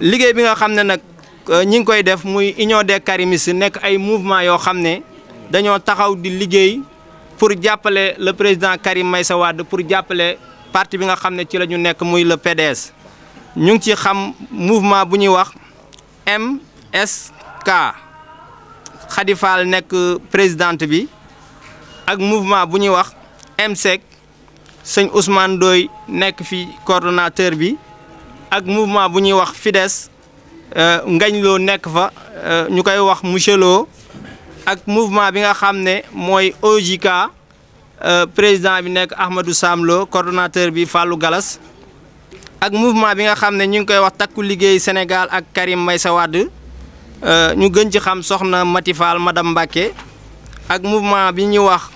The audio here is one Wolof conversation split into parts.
liggéey bi nga xam ne nag euh, ñi ngi koy def muy union des karimistes nekk ay mouvement yoo xam ne dañoo taxaw di liggéey pour jàppale le président Karim sa Wade pour jàppale parti bi nga xam ne ci la nekk muy le PDS ñu ngi ci xam mouvement bu ñuy wax MSK Khady nekk présidente bi ak mouvement bu ñuy wax MSEC sëñ Ousmane Doy nekk fi coordonnateur bi ak mouvement bu ñuy wax FIDES euh, Ngagne Lo nekk fa euh, ñu koy wax monsieur Lo ak mouvement bi nga xam ne mooy OJK euh, président bi nekk Ahmadou Sam Lo coordonnateur bi Fallou Galas ak mouvement bi nga xam ne ñu ngi koy wax takku liggéey Sénégal ak Karim Meïssa Wade ñu gën ci xam soxna Mati Fall madame Mbacké ak mouvement bi ñuy wax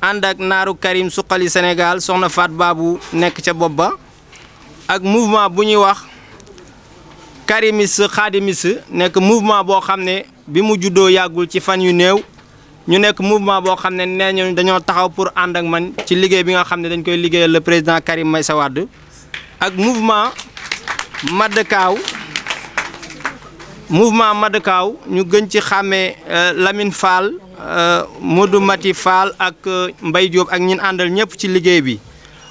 ànd ak naaru Karim suqali Sénégal soxna Fat Babou nekk ca bopp ba ak mouvement bu ñuy wax karimis xaadimis nekk mouvement boo xam ne bi mu juddoo yàggul ci fan yu néew ñu nekk mouvement boo xam ne nee ñu dañoo taxaw pour ànd ak man ci liggéey bi nga xam ne dañ koy liggéeyal le président Karim Meïssa Wade ak mouvement Madakaw mouvement Madakaw ñu gën ci xàmmee euh, Lamine Fall euh, Modou Mati Fall ak euh, Mbaye Diop ak ñin àndal ñëpp ci liggéey bi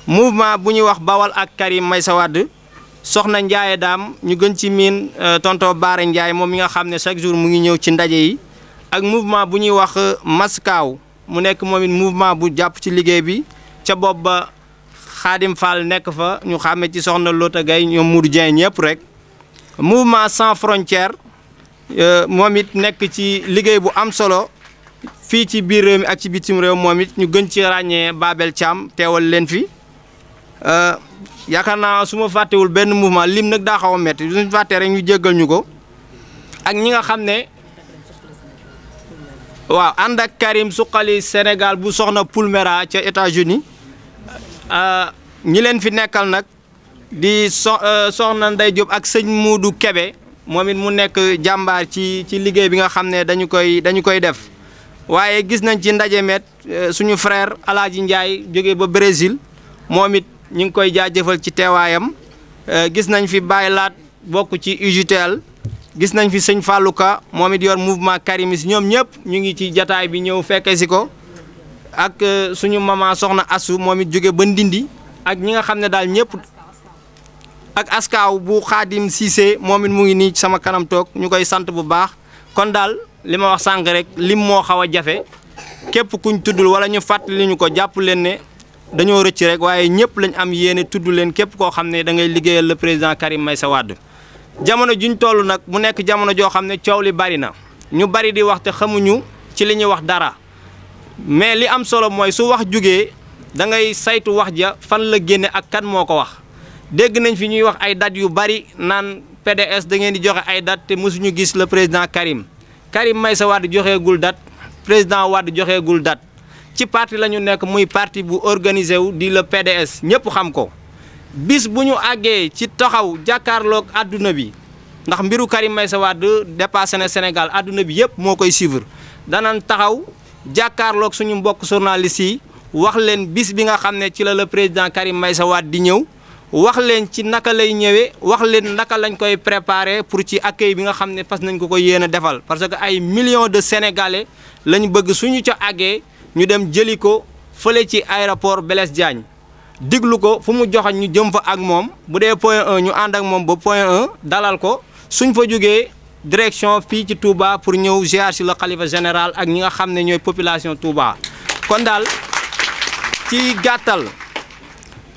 mouvement bu ñuy wax Bawal ak Karim Meïssa Wade soxna Ndiaye daam ñu gën ci miin euh, tonto Baara Ndiaye moom mi nga xam ne chaque jour mu ngi ñëw ci ndaje yi ak mouvement bu ñuy wax euh, Maskaaw mu nekk moom it mouvement bu jàpp ci liggéey bi ca bopp ba Xaadim Fall nekk fa ñu xàmme ci soxna Lota Gaye mu Modou Dieng ñëpp rek mouvement sans frontière euh, moom it nekk ci liggéey bu am solo fii ci biir réew mi ak ci bitim réew moom it ñu gën ci ràññee Babel Thiam teewal leen fii Euh, yaakaar naa su ma fàttewul benn mouvement lim nag daa xaw a métti suñ fàttee rek ñu jéggal ñu ko ak ñi nga xam ne waaw ànd ak Karim suqali senegal bu soxna Poulmera ca États-Unis euh, ñi leen fi nekkal nag di so euh, soxna Ndey Diop ak sëñ Moodu Kebe moom it mu nekk jàmbaar ci ci liggéey bi nga xam ne dañu koy dañu koy def waaye gis nañ ci ndaje met suñu frère Alaaji Njaay jóge ba Brésil moom ñing koy jaajeufal ci teewaayam eh, gis nañ fi Baye Laat bokk ci ujutel gis nañ fi seigne faluka, momit yor mouvement Karimis ñom ñëpp ñu ngi ci jotaay bi ñew fekke ci ko ak eh, suñu mama soxna Asu momit it ba Ndindi ak ñi nga xam dal daal ak askaw bu khadim Cissé momit mu ngi ni sama kanam tok ñukoy sante bu baax kon dal lima wax sang rek lim mo xawa jafé kep kuñ tuddul wala ñu fatali ñuko ko ne dañu rëcc rek waye ñëpp lañ am yéene tuddu leen képp koo xam ne da ngay liggéeyal le président Karim Meïssa Wade jamono juñ tollu nag mu nekk jamono joo xam ne li bari na ñu bari di wax te xamuñu ci li ñuy wax dara mais li am solo mooy su wax jugee da ngay saytu wax ja fan la génne ak kan moo ko wax dégg nañ fi ñuy wax ay dat yu bari naan PDS da ngeen di joxe ay dat te mësuñu gis le président Karim Karim Meïssa Wade joxeegul dat président Wade joxeegul dat ci parti lañu nek muy parti bu organisé wu di le PDS ñepp xam ko bis buñu aggé ci taxaw jàkkaarloog aduna bi ndax mbiru Karim Meïssa Wade dépassé né Sénégal aduna bi yépp moo koy suivre danañ taxaw jàkkaarloog suñu mbokk journalistes yi wax leen bis bi nga xamné ci le président Karim Meïssa Wade di ñew wax leen ci naka lay ñëwee wax leen naka lañ koy préparer pour ci accueil bi nga xamné fas nañ ko ko défal parce que ay millions de sénégalais lañ bëgg suñu ci aggé ñu dem jëli ko fële ci aéroport Blaise Diagne diglu ko fu mu joxañ ñu jëm fa ak moom bu dee point 1 ñu ànd ak moom ba point 1 dalal ko suñ fa jógee direction fii ci Touba pour ñëw ziar si le xalifa général ak ñi nga xam ne ñooy population Touba kon daal ci gàttal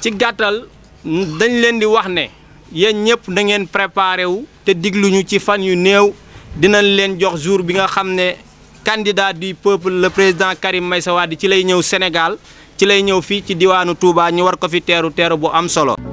ci gàttal dañ leen di wax ne yéen ñëpp da ngeen préparé wu te digluñu ci fan yu néew dinañ leen jox jours bi nga xam ne candidat du peuple la président Karim Meïssa Wade ci lay ñëw Sénégal ci lay ñëw fii ci diwaanu Touba ñu war ko fi teeru teeru bu am solo